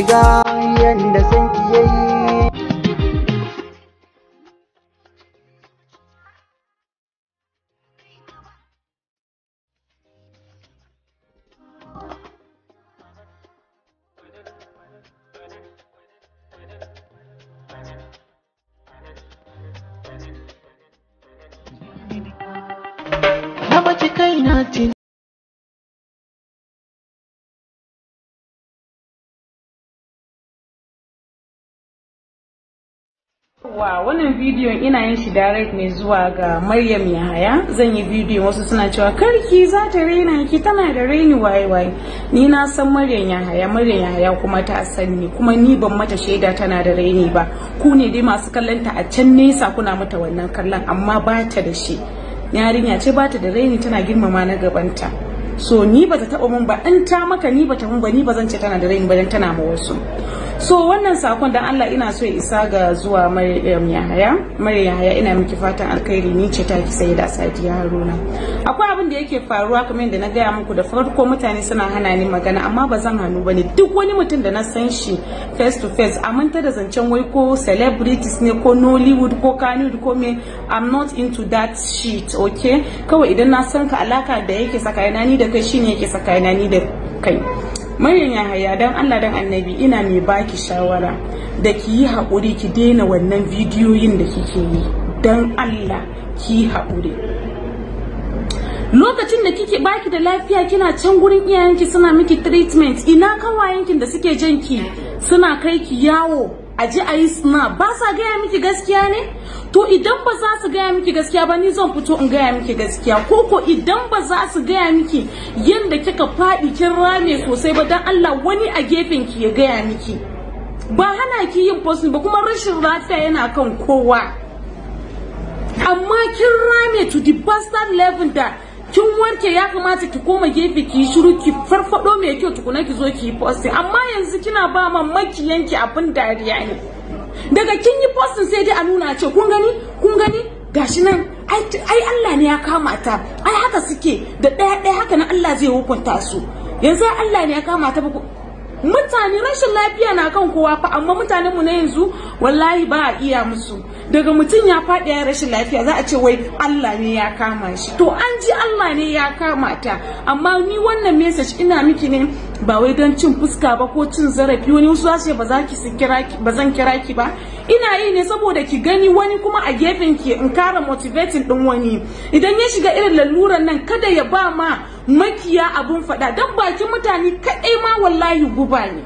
ki ga yanda san ki yi. Na baci Wa wannan bidiyon ina yin shi direct ne zuwa ga Maryam Yahaya zan yi bidiyon wasu suna cewa karki za ta raina ki tana da raini waye waye ni na san Maryam Yahaya Maryam Yahaya kuma ta san ni kuma ni ban mata shaida tana da raini ba ku ne dai masu kallonta a can nesa kuna mata wannan kallon amma ba ta da shi yarinya ce ba ta da raini tana girmama na gabanta so ni ba ta taba mun ba in ta maka ni ba ta mun ba ni ba zan ce tana da raini ba dan tana ma wasu so wannan sakon dan Allah ina so ya isa ga zuwa Maryam Yahaya Yahaya ina miki fatan alkhairi ni ce taki sai da Sadiya Haruna akwai abin da yake faruwa kamar yadda na gaya muku da farko mutane suna hana ni magana amma ba zan hannu ne duk wani mutum da na san shi face to face aminta da zancen wai ko celebrities ne ko Nollywood ko Kannywood ko me I'm not into that shit okay kawai idan na san ka alaka da yake sakaina ni da kai shine yake sakaina ni da kai manyan Yahaya dan Allah dan Annabi ina mai baki shawara da ki yi haƙuri ki daina wannan bidiyoyin da kike yi dan Allah ki haƙuri. Lokacin da kike baki da lafiya kina can gurin iyayenki suna miki treatment ina kawayenki da suke janki suna kai ki yawo aji a yi ba sa gaya miki gaskiya ne to idan ba za su gaya miki gaskiya ba ni zan fito in gaya miki gaskiya ko ko idan ba za su gaya miki yadda kika faɗi kin rame sosai ba dan Allah wani a gefen ki ya gaya miki ba hana ki yin posting ba kuma rashin lafiya yana kan kowa amma kin rame to the bastard level da kin warke ya kamata ki koma gefe ki shiru ki farfado mai kyau tukuna ki zo ki yi amma yanzu kina ba ma makiyanki abin dariya ne daga kin yi postin sai dai a nuna ce kun gani kun gani gashi nan ai Allah ne ya kama ta ai haka suke da ɗaya ɗaya haka nan Allah zai hukunta su yanzu Allah ne ya kama ta mutane rashin lafiya na kan kowa fa amma mutanen mu na yanzu wallahi ba a iya musu daga mutum ya faɗi ya rashin lafiya za a ce wai Allah ne ya kama shi to an ji Allah ne ya kama ta amma ni wannan message ina miki ne ba wai don cin fuska ba ko cin zarafi wani wasu zasu ba za ki kira ki ba zan kira ki ba ina yi ne saboda ki gani wani kuma a gefen ki in kara motivating din wani idan ya shiga irin laluran nan kada ya ba ma makiya abun faɗa don bakin mutane kaɗai ma wallahi guba ne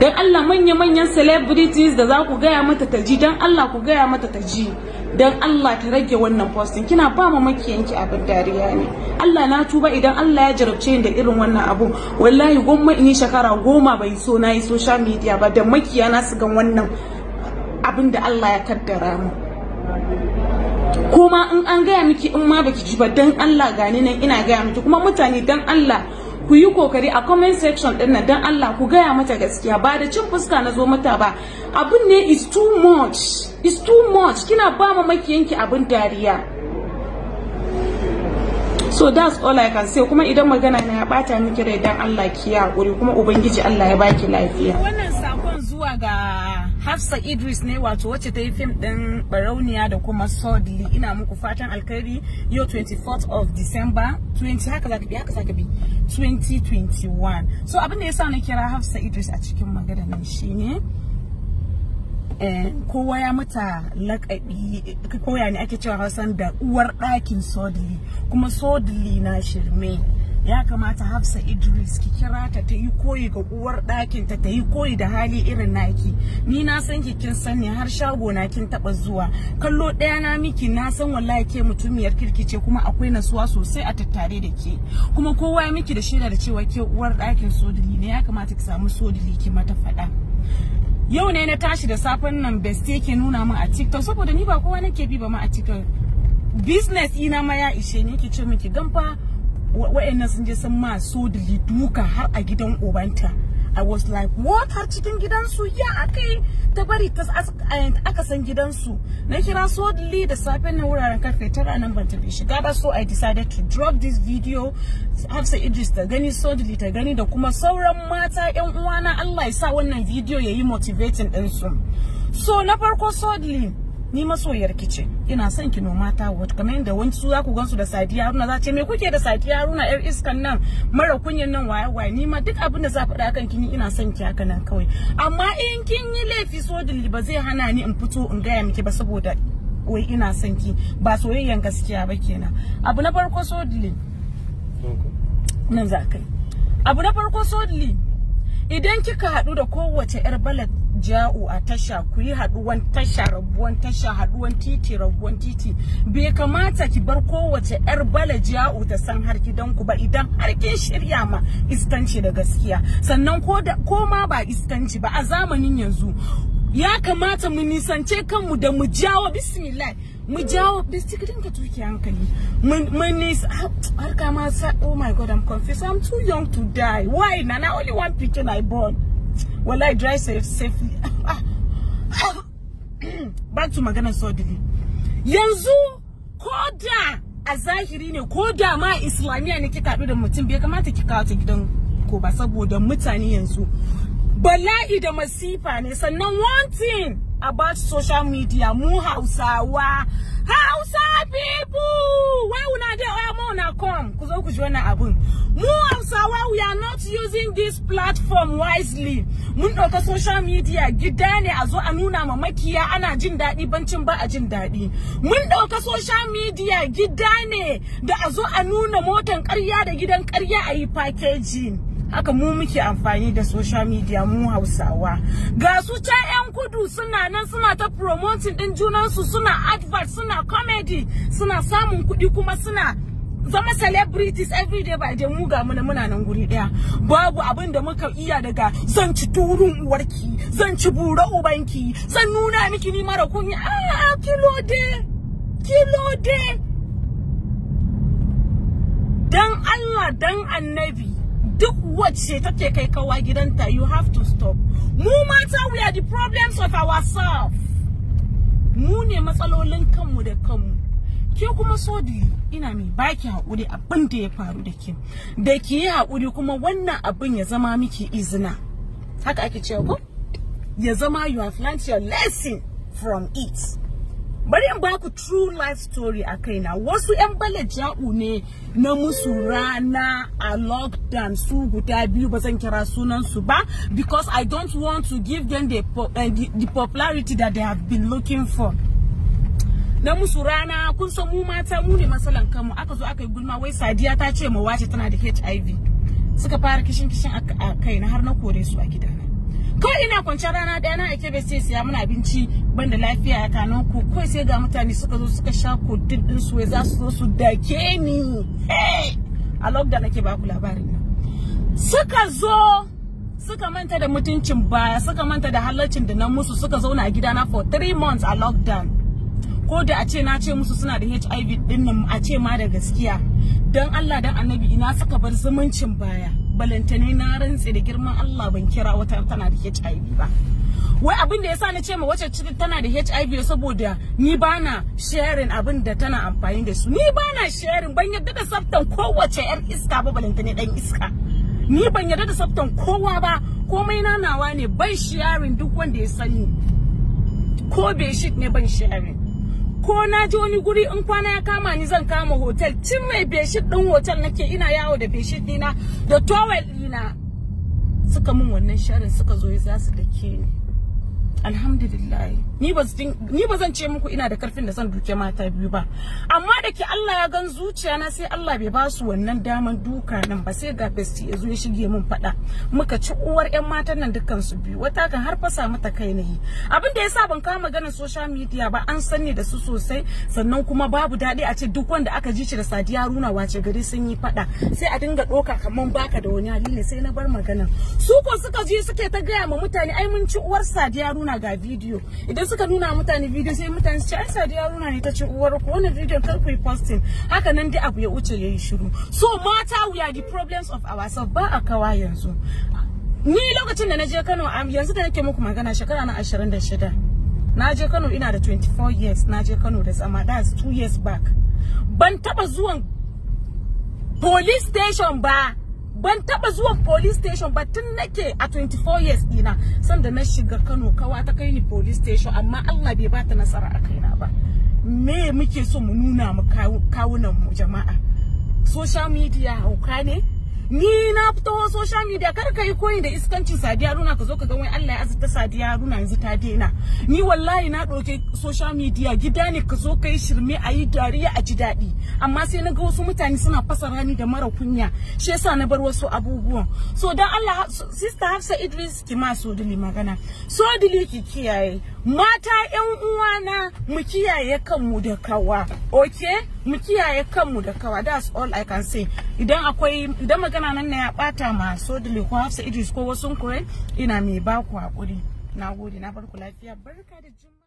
don Allah manya-manyan celebrities da za ku gaya mata ta ji don Allah ku gaya mata ta ji don Allah ta rage wannan postin kina ba ma makiyanki abin dariya ne Allah na tuba idan Allah ya jarabce ni da irin wannan abu wallahi gomma in yi shekara goma bai so na yi social media ba da na su gan wannan abin da Allah ya kaddara mu kuma in an gaya miki in ma baki ji ba dan Allah gani nan ina gaya miki kuma mutane dan Allah ku yi kokari a comment section din nan dan Allah ku gaya mata gaskiya ba da cin fuska na zo mata ba abin ne is too much is too much kina ba ma makiyanki abin dariya so that's all I can say kuma idan magana na ya bata miki rai dan Allah ki hakuri kuma ubangiji Allah ya baki lafiya wannan sakon zuwa ga Hafsa Idris ne wato wacce ta yi fim din Barauniya da kuma Sodli ina muku fatan alkhairi yau 24th of December 20 haka zaka bi haka zaka bi 2021 so abin da yasa na kira Hafsa Idris a cikin magana nan shine eh kowa ya mata lakabi koya ne ake cewa Hausan da uwar ɗakin Sodli kuma sodili na shirme ya kamata hafsa idris ki kira ta ta yi koyi ga uwar ɗakin ta ta yi koyi da hali irin naki ni na san ki kin sani har shago na kin taba zuwa kallo ɗaya na miki na san wallahi ke mutumiyar kirki ce kuma akwai nasuwa sosai a tattare da ke kuma kowa ya miki da shaidar cewa ke uwar ɗakin sodili ne ya kamata ki samu sodili ki mata faɗa yau ne na tashi da safen nan best ke nuna mu a tiktok saboda ni ba kowa nake bi ba ma a tiktok business ina ma ya ishe ni ki ce miki dan wa'annan sun je sun ma so da duka har a gidan ubanta I was like what har cikin gidansu ya akai ta bari ta eh, aka san gidansu na kira sodli da safen na wuraren karfe tara nan ban tafi shiga ba so I decided to drop this video Hafsa Idris ta gani sodli ta gani da kuma sauran mata yan uwana Allah ya sa wannan video ya yi motivating din su so na farko sodli ni masoyar ki ce ina son ki noma ta wata kamar yadda wani su za ku gansu da sadiya haruna za ce me kuke da sadiya haruna yar iskan nan mara kunyan nan waye waye ni ma duk abin da za faɗa kan ki ni ina son ki haka nan kawai amma in kin yi laifi so ba zai hana ni in fito in gaya miki ba saboda wai ina son ki ba soyayyen gaskiya ba kenan abu na farko so nan za kai abu na farko so idan kika haɗu da kowace yar balad ja'u a tasha ku yi haduwan tasha rabuwan tasha haduwan titi rabuwan titi bai kamata ki bar kowace yar bala ja'u ta san har ku ba idan har kin shirya ma iskanci da gaskiya sannan ko ma ba iskanci ba a zamanin yanzu ya kamata mu nisance kanmu da mu jawo bismillah mu jawo cikin ka tuki hankali mun is ah, har kama sa oh my god i'm confused i'm too young to die why na na only one pikin i born well i drive safe safely back to maganar surgery yanzu ko da a zahiri ne ko da ma islamiyya ne kika haɗu da mutum bai kamata ki kawo ta gidan ko ba saboda mutane yanzu bala'i da masifa ne sannan one thing about social media mu hausawa hausa people ku ji wannan abun mu hausawa we are not using this platform wisely mun ɗauka social media gida ne a zo a nuna ma makiya ana jin daɗi bancin ba a jin daɗi mun ɗauka social media gida ne da a zo a nuna motan ƙarya da gidan ƙarya a yi packaging haka mu muke amfani da social media mu hausawa ga su ta 'yan kudu suna nan suna ta promoting din junansu suna advert suna comedy suna samun kuɗi kuma suna zama celebrities every day by the mu ga muna muna nan guri daya babu abin da muka iya daga zan ci turun uwarki zan ci bura ubanki zan nuna miki ni mara kunya a ah, kilo de kilo de dan Allah dan annabi duk wacce take kai kawa gidanta you have to stop mu mata we are the problems of ourselves mu ne matsalolin kanmu da kanmu ke kuma so ina mai baki haƙuri abin da ya faru da ke da ke yi haƙuri kuma wannan abin ya zama miki izina haka ake cewa ko ya zama you have learned your lesson from it bari in baku true life story a kaina wasu 'yan bala ja'u ne na musu rana a lockdown su guda biyu ba zan kira sunansu ba because i don't want to give them the, eh, the, the popularity that they have been looking for na musu rana kun san mu mata mu ne masalan kanmu aka zo aka yi gulma wai sadiya ta ce ma wace tana da hiv suka fara kishin kishin a kai na har na kore su a gidana kawai ina kwanciyar rana ɗaya na ake bai sai siya mana abinci banda lafiya a kanon ku kawai sai ga mutane suka zo suka sha kodin din su za su zo su dake ni a lockdown nake baku labarin nan suka zo suka manta da mutuncin baya suka manta da halaccin da na musu suka zauna a gidana for three months a lockdown ko da a ce na ce musu suna da HIV din nan a ce ma da gaskiya dan Allah dan annabi ina saka bar zumuncin baya balantane na rantse da girman Allah ban kira wata tana da HIV ba wai abin da yasa na ce ma wacce tana da HIV saboda ni bana sharing abin da tana amfani da su ni bana sharing ban yadda da tsaftan kowace yar iska ba balantane dan iska ni ban yarda da tsaftan kowa ba komai na nawa ne ban sharing duk wanda ya sani ko beshit ne ban sharing ko na ji wani guri in kwana ya kama ni zan kama hotel cin mai beshit din hotel nake ina yawo da beshit dina da towel dina suka min wannan sharin suka zo za su dake ni alhamdulillah ni ba zan ce muku ina da karfin da zan duke mata biyu ba amma da ke Allah ya gan zuciya na sai Allah bai ba su wannan daman duka nan ba sai ga besti ya zo ya shige min fada muka ci uwar yan matan nan dukkan su biyu wata kan har fasa mata kai ne abin da yasa ban kama maganar social media ba an sanni da su sosai sannan kuma babu daɗi a ce duk wanda aka ji shi da Sadiya Runa wace gari sun yi fada sai a dinga doka kaman baka da wani hali ne sai na bar magana su ko suka ji suke ta gaya ma mutane ai mun ci uwar Sadiya Runa ga bidiyo idan suka nuna mutane video sai mutane su ce ai sadiya na ne ta ce uwar ku wannan video kar ku yi posting haka nan dai abu ya wuce yayi shiru so mata we are the problems of ourselves ba a kawa yanzu ni lokacin da na je Kano yanzu da nake muku magana shekara na 26 na je Kano ina da 24 years na je Kano da tsama that's 2 years back ban taba zuwan police station ba ban taba zuwa police station ba tun nake a 24 years dina sanda na shiga Kano kawa ta kai ni police station amma Allah bai bata nasara a kaina ba me muke so mu nuna mu kawunan mu jama'a social media hauka ne ni na fito social media kar ka yi koyi da iskancin Sadiya runa ka zo ka ga wai Allah ya azurta Sadiya runa yanzu ta daina ni wallahi na ɗauke social media gida ne ka zo ka shirme a yi dariya a ji daɗi amma sai na ga wasu mutane suna fasa rani da mara kunya shi yasa na bar wasu abubuwan so dan Allah sister Hafsa Idris ki ma so dili magana so dili ki kiyaye mata yan uwana mu kiyaye kanmu da kawa okay mu kiyaye kanmu da kawa that's all i can say idan akwai idan magana nan na ya bata ma sodili ko hafsa idris ko wasu kurai ina mai baku hakuri na gode na barku lafiya barka da juma